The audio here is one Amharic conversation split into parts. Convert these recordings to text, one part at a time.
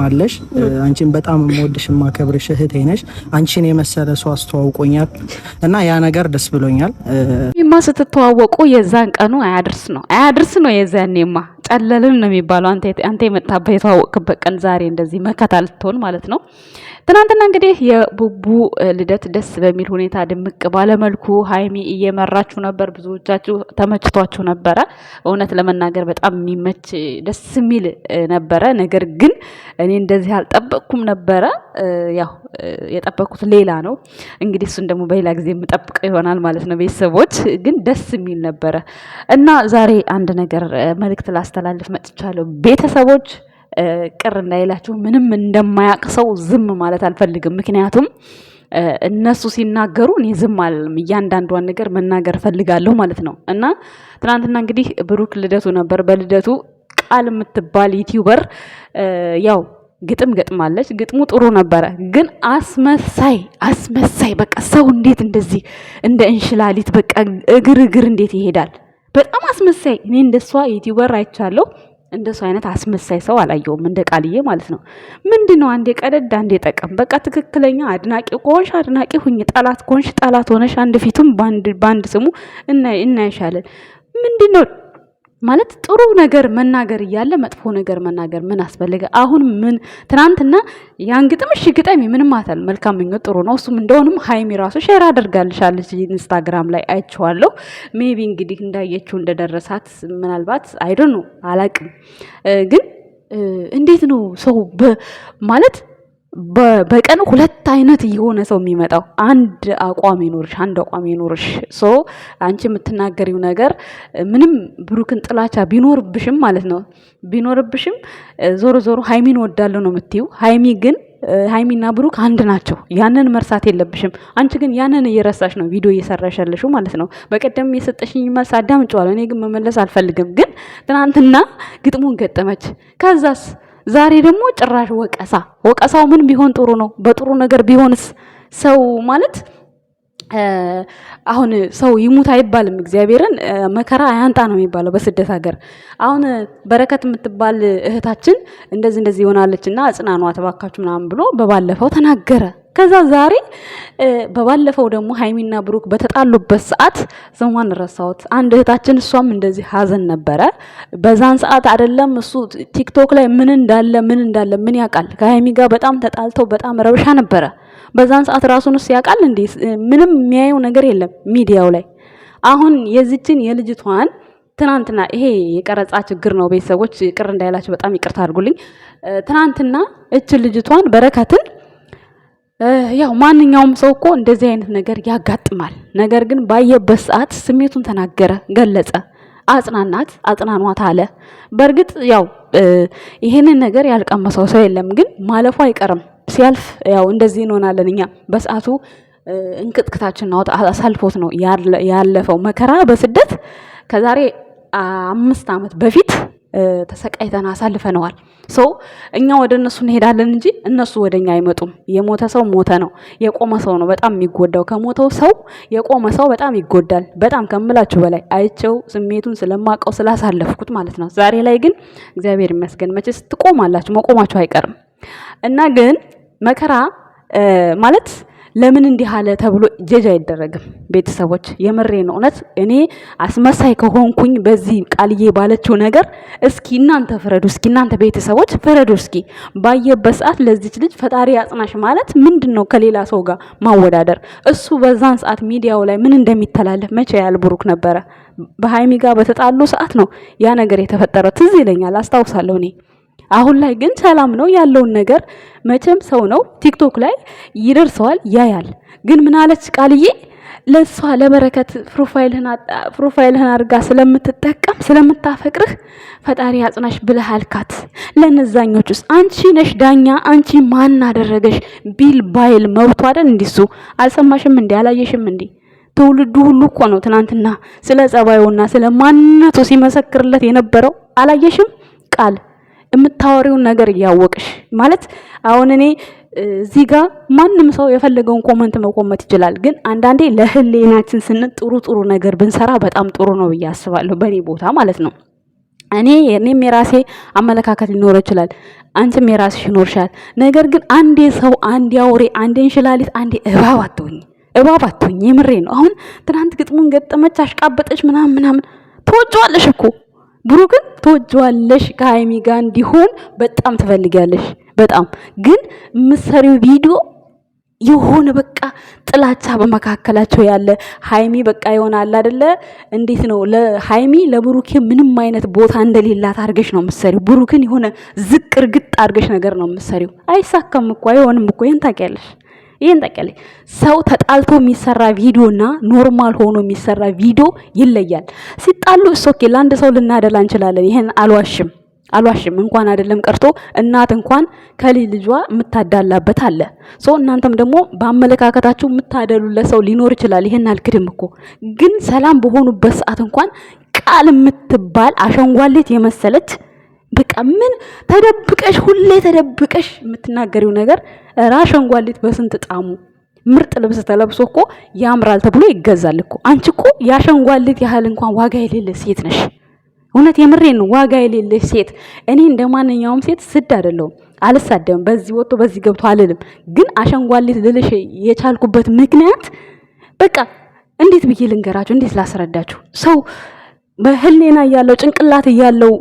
ማለሽ አንቺን በጣም የምወድሽ የማከብርሽ እህቴ ነሽ። አንቺን የመሰለ ሰው አስተዋውቆኛል እና ያ ነገር ደስ ብሎኛል። ማ ስትተዋወቁ የዛን ቀኑ አያድርስ ነው አያድርስ ነው የዛኔማ ጨለልን ነው የሚባለው። አንተ የመጣበት የተዋወቅበት ቀን ዛሬ እንደዚህ መከታ ልትሆን ማለት ነው። ትናንትና እንግዲህ የቡቡ ልደት ደስ በሚል ሁኔታ ድምቅ ባለመልኩ ሀይሚ እየመራችሁ ነበር። ብዙዎቻችሁ ተመችቷችሁ ነበረ። እውነት ለመናገር በጣም የሚመች ደስ የሚል ነበረ። ነገር ግን እኔ እንደዚህ አልጠበቅኩም ነበረ። ያው የጠበቅኩት ሌላ ነው። እንግዲህ እሱን ደግሞ በሌላ ጊዜ የምጠብቀው ይሆናል ማለት ነው። ቤተሰቦች ግን ደስ የሚል ነበረ እና ዛሬ አንድ ነገር መልእክት ላስ ላስተላልፍ መጥቻለሁ። ቤተሰቦች ቅር እንዳይላችሁ ምንም እንደማያቅ ሰው ዝም ማለት አልፈልግም። ምክንያቱም እነሱ ሲናገሩ እኔ ዝም አልልም። እያንዳንዷን ነገር መናገር እፈልጋለሁ ማለት ነው እና ትናንትና እንግዲህ ብሩክ ልደቱ ነበር። በልደቱ ቃል የምትባል ዩቲዩበር ያው ግጥም ገጥማለች። ግጥሙ ጥሩ ነበረ፣ ግን አስመሳይ አስመሳይ በቃ ሰው እንዴት እንደዚህ እንደ እንሽላሊት በቃ እግር እግር እንዴት ይሄዳል? አስመሳይ እኔ እንደሷ ዩቲዩበር አይቻለሁ። እንደሷ አይነት አስመሳይ ሰው አላየውም፣ እንደ ቃልዬ ማለት ነው። ምንድን ነው አንዴ ቀደድ አንዴ ጠቀም። በቃ ትክክለኛ አድናቂ ከሆንሽ አድናቂ ሁኝ፣ ጠላት ከሆንሽ ጠላት ሆነሽ አንድ ፊቱም በአንድ ስሙ እናይሻለን። ምንድን ነው ማለት ጥሩ ነገር መናገር እያለ መጥፎ ነገር መናገር ምን አስፈልገ? አሁን ምን ትናንትና ያን ግጥም እሺ ግጠሚ ምንም አታል መልካም ምኞት ጥሩ ነው። እሱም እንደውንም ሀይሚ ራሱ ሼር አድርጋልሻለች ኢንስታግራም ላይ አይቼዋለሁ። ሜቢ እንግዲህ እንዳየችው እንደደረሳት ምናልባት አይዶ ነው አላቅም። ግን እንዴት ነው ሰው ማለት በቀን ሁለት አይነት የሆነ ሰው የሚመጣው አንድ አቋም ይኖርሽ አንድ አቋም ይኖርሽ ሶ አንቺ የምትናገሪው ነገር ምንም ብሩክን ጥላቻ ቢኖርብሽም ማለት ነው ቢኖርብሽም ዞሮ ዞሮ ሀይሚን ወዳለሁ ነው የምትይው ሀይሚ ግን ሀይሚና ብሩክ አንድ ናቸው። ያንን መርሳት የለብሽም። አንቺ ግን ያንን እየረሳሽ ነው ቪዲዮ እየሰራሽ ያለሽው ማለት ነው። በቀደም የሰጠሽኝ መልስ አዳምጬዋለሁ። እኔ ግን መመለስ አልፈልግም። ግን ትናንትና ግጥሙን ገጠመች። ከዛስ ዛሬ ደግሞ ጭራሽ ወቀሳ። ወቀሳው ምን ቢሆን ጥሩ ነው? በጥሩ ነገር ቢሆንስ ሰው ማለት አሁን ሰው ይሙት አይባልም። እግዚአብሔርን መከራ አያንጣ ነው የሚባለው በስደት ሀገር። አሁን በረከት የምትባል እህታችን እንደዚህ እንደዚህ ይሆናለች እና አጽናኗት ምናምን ብሎ በባለፈው ተናገረ። ከዛ ዛሬ በባለፈው ደግሞ ሀይሚና ብሩክ በተጣሉበት ሰዓት ስሟን ረሳሁት። አንድ እህታችን እሷም እንደዚህ ሀዘን ነበረ። በዛን ሰዓት አይደለም እሱ ቲክቶክ ላይ ምን እንዳለ ምን እንዳለ ምን ያውቃል። ከሀይሚ ጋር በጣም ተጣልተው በጣም ረብሻ ነበረ። በዛን ሰዓት እሱ ያውቃል እንዴ? ምንም የሚያየው ነገር የለም ሚዲያው ላይ። አሁን የዚችን የልጅቷን ትናንትና ይሄ የቀረጻ ችግር ነው። ቤተሰቦች ቅር እንዳይላቸው በጣም ይቅርታ አድርጉልኝ። ትናንትና እችን ልጅቷን በረከትን ያው ማንኛውም ሰው እኮ እንደዚህ አይነት ነገር ያጋጥማል። ነገር ግን ባየበት ሰዓት ስሜቱን ተናገረ፣ ገለጸ፣ አጽናናት፣ አጽናኗት አለ። በእርግጥ ያው ይሄንን ነገር ያልቀመሰው ሰው የለም፣ ግን ማለፉ አይቀርም። ሲያልፍ ያው እንደዚህ እንሆናለን እኛ በሰዓቱ እንቅጥቅታችን አውጥ አሳልፎት ነው ያለፈው መከራ በስደት ከዛሬ አምስት ዓመት በፊት ተሰቃይተን አሳልፈነዋል። ሶ እኛ ወደ እነሱ እንሄዳለን እንጂ እነሱ ወደ እኛ አይመጡም። የሞተ ሰው ሞተ ነው። የቆመ ሰው ነው በጣም የሚጎዳው። ከሞተው ሰው የቆመ ሰው በጣም ይጎዳል። በጣም ከምላችሁ በላይ አይቸው ስሜቱን ስለማቀው ስላሳለፍኩት ማለት ነው። ዛሬ ላይ ግን እግዚአብሔር ይመስገን መቼስ ትቆማላችሁ፣ መቆማችሁ አይቀርም እና ግን መከራ ማለት ለምን እንዲህ አለ ተብሎ ጀጅ አይደረግም። ቤተሰቦች የምሬን እውነት እኔ አስመሳይ ከሆንኩኝ በዚህ ቃልዬ ባለችው ነገር እስኪ እናንተ ፍረዱ። እስኪ እናንተ ቤተሰቦች ፍረዱ። እስኪ ባየበት ሰዓት ለዚች ልጅ ፈጣሪ አጽናሽ ማለት ምንድን ነው? ከሌላ ሰው ጋር ማወዳደር እሱ በዛን ሰዓት ሚዲያው ላይ ምን እንደሚተላለፍ መቼ ያህል ብሩክ ነበረ በሀይሚ ጋር በተጣሉ ሰዓት ነው ያ ነገር የተፈጠረው። ትዝ ይለኛል፣ አስታውሳለሁ እኔ አሁን ላይ ግን ሰላም ነው ያለውን ነገር መቼም ሰው ነው ቲክቶክ ላይ ይደርሰዋል ያያል። ግን ምን አለች ቃልዬ ለእሷ ለበረከት ፕሮፋይልህን አድርጋ ስለምትጠቀም ስለምታፈቅርህ ፈጣሪ አጽናሽ ብለህ አልካት። ውስጥ አንቺ ነሽ ዳኛ፣ አንቺ ማን አደረገሽ ቢል ባይል መብቷ አይደል? እንዲሱ አልሰማሽም እንዲ አላየሽም እንዲ ትውልዱ ሁሉ እኮ ነው ትናንትና ስለ ጸባዩና ስለ ማንነቱ ሲመሰክርለት የነበረው አላየሽም ቃል የምታወሪውን ነገር እያወቅሽ ማለት አሁን እኔ እዚህ ጋ ማንም ሰው የፈለገውን ኮመንት መቆመት ይችላል። ግን አንዳንዴ ለህሌናችን ስንል ጥሩ ጥሩ ነገር ብንሰራ በጣም ጥሩ ነው ብዬ አስባለሁ። በእኔ ቦታ ማለት ነው። እኔ እኔም የራሴ አመለካከት ሊኖረ ይችላል። አንቺም የራስሽ ይኖርሻል። ነገር ግን አንዴ ሰው፣ አንዴ አውሬ፣ አንዴ እንሽላሊት፣ አንዴ እባብ አትሆኝ፣ እባብ አትሆኝ። የምሬ ነው። አሁን ትናንት ግጥሙን ገጠመች፣ አሽቃበጠች፣ ምናምን ምናምን ትወጪዋለሽ እኮ ብሩክን ትወጂዋለሽ ከሀይሚ ጋር እንዲሆን በጣም ትፈልጊያለሽ። በጣም ግን ምሰሪው ቪዲዮ የሆነ በቃ ጥላቻ በመካከላቸው ያለ ሀይሚ በቃ ይሆናል አይደለ? እንዴት ነው ለሀይሚ ለብሩኬ ምንም አይነት ቦታ እንደሌላት አድርገሽ ነው ምሰሪው። ብሩክን የሆነ ዝቅ እርግጥ አድርገሽ ነገር ነው ምሰሪው። አይሳካም እኮ አይሆንም እኮ ይህን ታውቂያለሽ። ይሄን ጠቀለኝ። ሰው ተጣልቶ የሚሰራ ቪዲዮ እና ኖርማል ሆኖ የሚሰራ ቪዲዮ ይለያል። ሲጣሉ እሱ ኦኬ፣ ለአንድ ሰው ልናደላ እንችላለን። ይሄን አልዋሽም አልዋሽም። እንኳን አይደለም ቀርቶ እናት እንኳን ከልጅ ልጇ የምታዳላበት አለ። ሶ እናንተም ደግሞ በአመለካከታችሁ የምታደሉለት ሰው ሊኖር ይችላል። ይሄን አልክድም እኮ ግን ሰላም በሆኑበት ሰዓት እንኳን ቃል የምትባል አሸንጓሌት የመሰለች በቃ ምን ተደብቀሽ ሁሌ ተደብቀሽ የምትናገሪው ነገር ራሸንጓሊት በስንት ጣሙ ምርጥ ልብስ ተለብሶ እኮ ያምራል ተብሎ ይገዛል እኮ። አንቺ እኮ ያሸንጓሊት ያህል እንኳን ዋጋ የሌለ ሴት ነሽ። እውነት የምሬን ዋጋ የሌለሽ ሴት። እኔ እንደ ማንኛውም ሴት ስድ አይደለሁም፣ አልሳደም በዚህ ወጥቶ በዚህ ገብቶ አልልም። ግን አሸንጓሊት ልልሽ የቻልኩበት ምክንያት በቃ እንዴት ብዬ ልንገራችሁ? እንዴት ላስረዳችሁ? ሰው በህሌና እያለው ጭንቅላት እያለው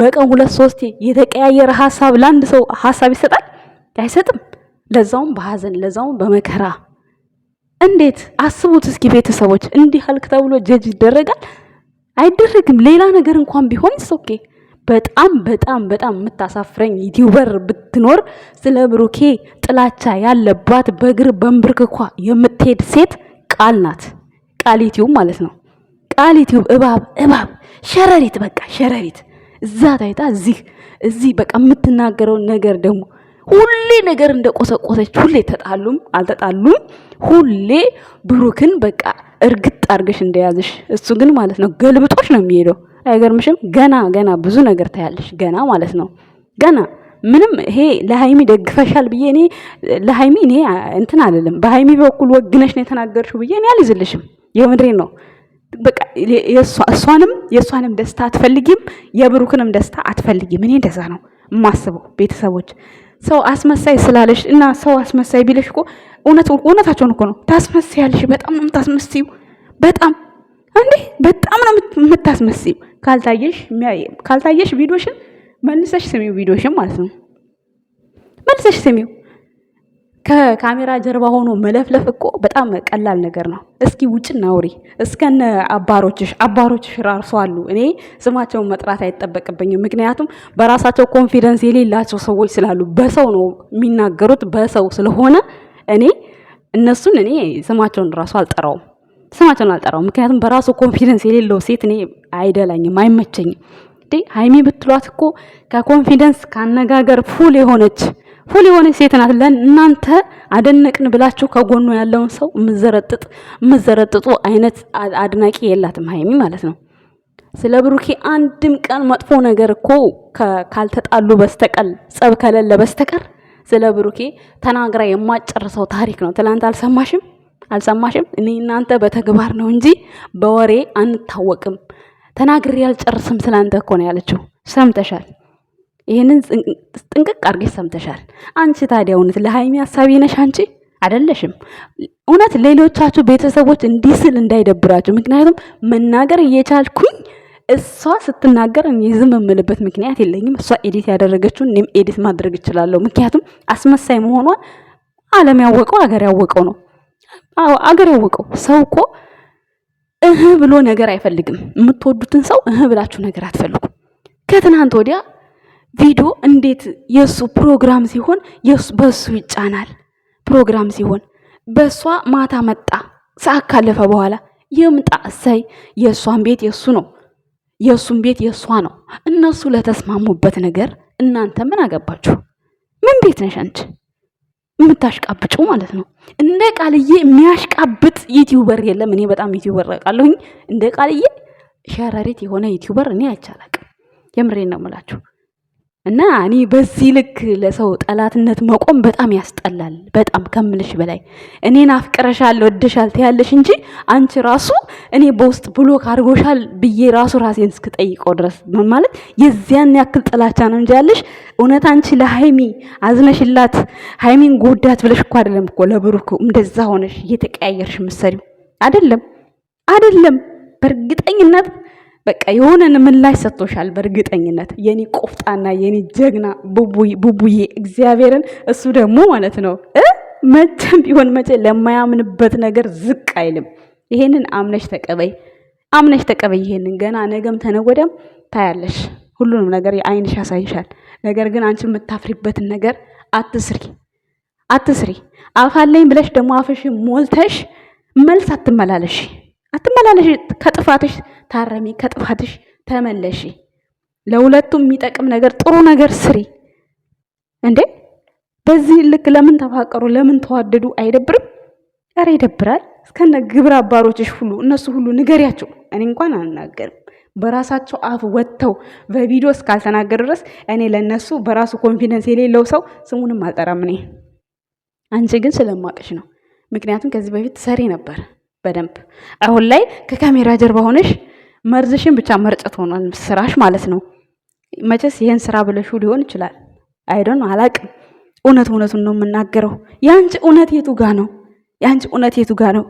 በቀን ሁለት ሶስቴ የተቀያየረ ሀሳብ ለአንድ ሰው ሀሳብ ይሰጣል አይሰጥም? ለዛውም በሀዘን ለዛውም በመከራ እንዴት አስቡት እስኪ ቤተሰቦች፣ እንዲህ አልክ ተብሎ ጀጅ ይደረጋል አይደረግም። ሌላ ነገር እንኳን ቢሆን ኦኬ። በጣም በጣም በጣም የምታሳፍረኝ ዩቲዩበር ብትኖር ስለ ብሩኬ ጥላቻ ያለባት በእግር በንብርክኳ የምትሄድ ሴት ቃል ናት። ቃል ዩቲዩብ ማለት ነው። ቃል ዩቲዩብ እባብ እባብ ሸረሪት፣ በቃ ሸረሪት እዛ ታይታ እዚህ እዚህ በቃ የምትናገረው ነገር ደግሞ ሁሌ ነገር እንደቆሰቆሰች ሁሌ ተጣሉም አልተጣሉም ሁሌ ብሩክን በቃ እርግጥ አድርገሽ እንደያዝሽ እሱ ግን ማለት ነው ገልብጦች ነው የሚሄደው። አይገርምሽም? ገና ገና ብዙ ነገር ታያለሽ። ገና ማለት ነው ገና ምንም ይሄ ለሃይሚ ደግፈሻል ብዬ እኔ ለሃይሚ እኔ እንትን አይደለም በሃይሚ በኩል ወግነሽ ነው የተናገርሽው ብዬ እኔ አልይዝልሽም። የምድሬን ነው። እሷንም የእሷንም ደስታ አትፈልጊም፣ የብሩክንም ደስታ አትፈልጊም። እኔ እንደዛ ነው የማስበው። ቤተሰቦች ሰው አስመሳይ ስላለሽ እና ሰው አስመሳይ ቢለሽ እኮ እውነታቸውን እኮ ነው። ታስመስያለሽ። በጣም ነው የምታስመስዩ። በጣም እንዴ፣ በጣም ነው የምታስመስዩ። ካልታየሽ ካልታየሽ ቪዲዮሽን መልሰሽ ስሚው፣ ቪዲዮሽን ማለት ነው መልሰሽ ስሚው። ከካሜራ ጀርባ ሆኖ መለፍለፍ እኮ በጣም ቀላል ነገር ነው። እስኪ ውጭ ናውሪ እስከነ አባሮችሽ አባሮችሽ ራሱ አሉ። እኔ ስማቸውን መጥራት አይጠበቅብኝም፣ ምክንያቱም በራሳቸው ኮንፊደንስ የሌላቸው ሰዎች ስላሉ በሰው ነው የሚናገሩት፣ በሰው ስለሆነ እኔ እነሱን እኔ ስማቸውን ራሱ አልጠራውም ስማቸውን አልጠራው ምክንያቱም በራሱ ኮንፊደንስ የሌለው ሴት እኔ አይደላኝም፣ አይመቸኝም። ሀይሚ ብትሏት እኮ ከኮንፊደንስ ከአነጋገር ፉል የሆነች ሁል የሆነ ሴት ናት። ለእናንተ አደነቅን ብላችሁ ከጎኑ ያለውን ሰው ምዘረጥጥ ምዘረጥጡ አይነት አድናቂ የላትም ሀይሚ ማለት ነው። ስለ ብሩኬ አንድም ቀን መጥፎ ነገር እኮ ካልተጣሉ በስተቀር ጸብ ከሌለ በስተቀር ስለ ብሩኬ ተናግራ የማጨርሰው ታሪክ ነው። ትናንት አልሰማሽም? አልሰማሽም? እኔ እናንተ በተግባር ነው እንጂ በወሬ አንታወቅም። ተናግሬ አልጨርስም ስላንተ እኮ ነው ያለችው። ሰምተሻል? ይህንን ጥንቅቅ አድርገሽ ሰምተሻል። አንቺ ታዲያ እውነት ለሀይሚ ሀሳቢ ነሽ አንቺ አይደለሽም። እውነት ሌሎቻችሁ ቤተሰቦች እንዲህ ስል እንዳይደብራችሁ። ምክንያቱም መናገር እየቻልኩኝ እሷ ስትናገር እኔ ዝም የምልበት ምክንያት የለኝም። እሷ ኤዲት ያደረገችው እኔም ኤዲት ማድረግ እችላለሁ። ምክንያቱም አስመሳይ መሆኗን ዓለም ያወቀው አገር ያወቀው ነው። አዎ አገር ያወቀው ሰው እኮ እህ ብሎ ነገር አይፈልግም። የምትወዱትን ሰው እህ ብላችሁ ነገር አትፈልጉም። ከትናንት ወዲያ ቪዲዮ እንዴት የእሱ ፕሮግራም ሲሆን በእሱ ይጫናል። ፕሮግራም ሲሆን በእሷ ማታ መጣ ሰዓት ካለፈ በኋላ የምጣ እሰይ። የእሷን ቤት የእሱ ነው፣ የእሱን ቤት የእሷ ነው። እነሱ ለተስማሙበት ነገር እናንተ ምን አገባችሁ? ምን ቤት ነሽ አንቺ የምታሽቃብጩ ማለት ነው። እንደ ቃልዬ የሚያሽቃብጥ ዩቲዩበር የለም። እኔ በጣም ዩቲዩበር አውቃለሁኝ። እንደ ቃልዬ ሸረሪት የሆነ ዩቲዩበር እኔ አይቻላቅም። የምሬን ነው የምላችሁ። እና እኔ በዚህ ልክ ለሰው ጠላትነት መቆም በጣም ያስጠላል። በጣም ከምልሽ በላይ እኔን አፍቅረሻል ወደሻል ትያለሽ እንጂ አንቺ ራሱ እኔ በውስጥ ብሎክ አድርጎሻል ብዬ ራሱ ራሴን እስክጠይቀው ድረስ ማለት የዚያን ያክል ጥላቻ ነው እንጂ ያለሽ። እውነት አንቺ ለሃይሚ አዝነሽላት ሃይሚን ጎዳት ብለሽ እኮ አይደለም እኮ ለብሩክ እንደዛ ሆነሽ እየተቀያየርሽ ምሰሪው አይደለም አይደለም በእርግጠኝነት በቃ የሆነን ምላሽ ሰጥቶሻል። በእርግጠኝነት የኔ ቆፍጣና የኔ ጀግና ቡቡዬ እግዚአብሔርን እሱ ደግሞ ማለት ነው መቼም ቢሆን መቼ ለማያምንበት ነገር ዝቅ አይልም። ይሄንን አምነሽ ተቀበይ፣ አምነሽ ተቀበይ። ይሄንን ገና ነገም ተነጎዳም ታያለሽ። ሁሉንም ነገር የአይንሽ ያሳይሻል። ነገር ግን አንቺ የምታፍሪበትን ነገር አትስሪ፣ አትስሪ። አፋለኝ ብለሽ ደግሞ አፍሽ ሞልተሽ መልስ አትመላለሽ። አትመላለሽ፣ ከጥፋትሽ ታረሚ፣ ከጥፋትሽ ተመለሺ። ለሁለቱም የሚጠቅም ነገር ጥሩ ነገር ስሪ። እንዴ በዚህ ልክ ለምን ተፋቀሩ? ለምን ተዋደዱ? አይደብርም? ኧረ ይደብራል። እስከነ ግብረ አባሮችሽ ሁሉ እነሱ ሁሉ ንገሪያቸው። እኔ እንኳን አልናገርም። በራሳቸው አፍ ወጥተው በቪዲዮ እስካልተናገሩ ድረስ እኔ ለነሱ በራሱ ኮንፊደንስ የሌለው ሰው ስሙንም አልጠራም። እኔ አንቺ ግን ስለማቅሽ ነው። ምክንያቱም ከዚህ በፊት ሰሪ ነበር። በደንብ አሁን ላይ ከካሜራ ጀርባ ሆነሽ መርዝሽን ብቻ መርጨት ሆኗል ስራሽ ማለት ነው። መቼስ ይህን ስራ ብለሹ ሊሆን ይችላል። አይዶን አላቅም። እውነት እውነቱን ነው የምናገረው። የአንቺ እውነት የቱ ጋ ነው? የአንቺ እውነት የቱ ጋ ነው?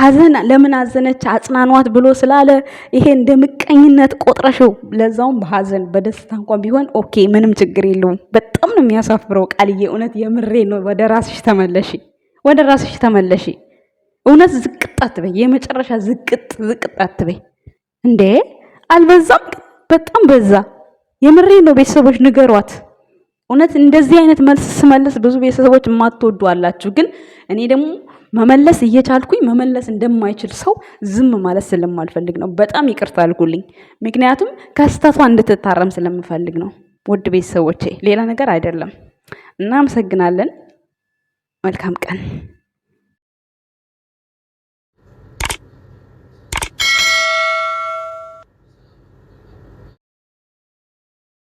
ሀዘን ለምን አዘነች አጽናኗት ብሎ ስላለ ይሄ እንደ ምቀኝነት ቆጥረሽው፣ ለዛውም በሀዘን በደስታ እንኳን ቢሆን ኦኬ፣ ምንም ችግር የለውም። በጣም ነው የሚያሳፍረው ቃልዬ፣ እውነት የምሬ ነው። ወደ ራስሽ ተመለሺ፣ ወደ ራስሽ ተመለሺ። እውነት ዝቅጥ አትበይ፣ የመጨረሻ ዝቅጥ ዝቅጥ አትበይ። እንዴ አልበዛም? በጣም በዛ። የምሬ ነው። ቤተሰቦች ንገሯት። እውነት እንደዚህ አይነት መልስ ስመለስ ብዙ ቤተሰቦች የማትወዱ አላችሁ፣ ግን እኔ ደግሞ መመለስ እየቻልኩኝ መመለስ እንደማይችል ሰው ዝም ማለት ስለማልፈልግ ነው። በጣም ይቅርታ አልኩልኝ፣ ምክንያቱም ከስተቷ እንድትታረም ስለምፈልግ ነው። ውድ ቤተሰቦቼ ሌላ ነገር አይደለም። እናመሰግናለን። መልካም ቀን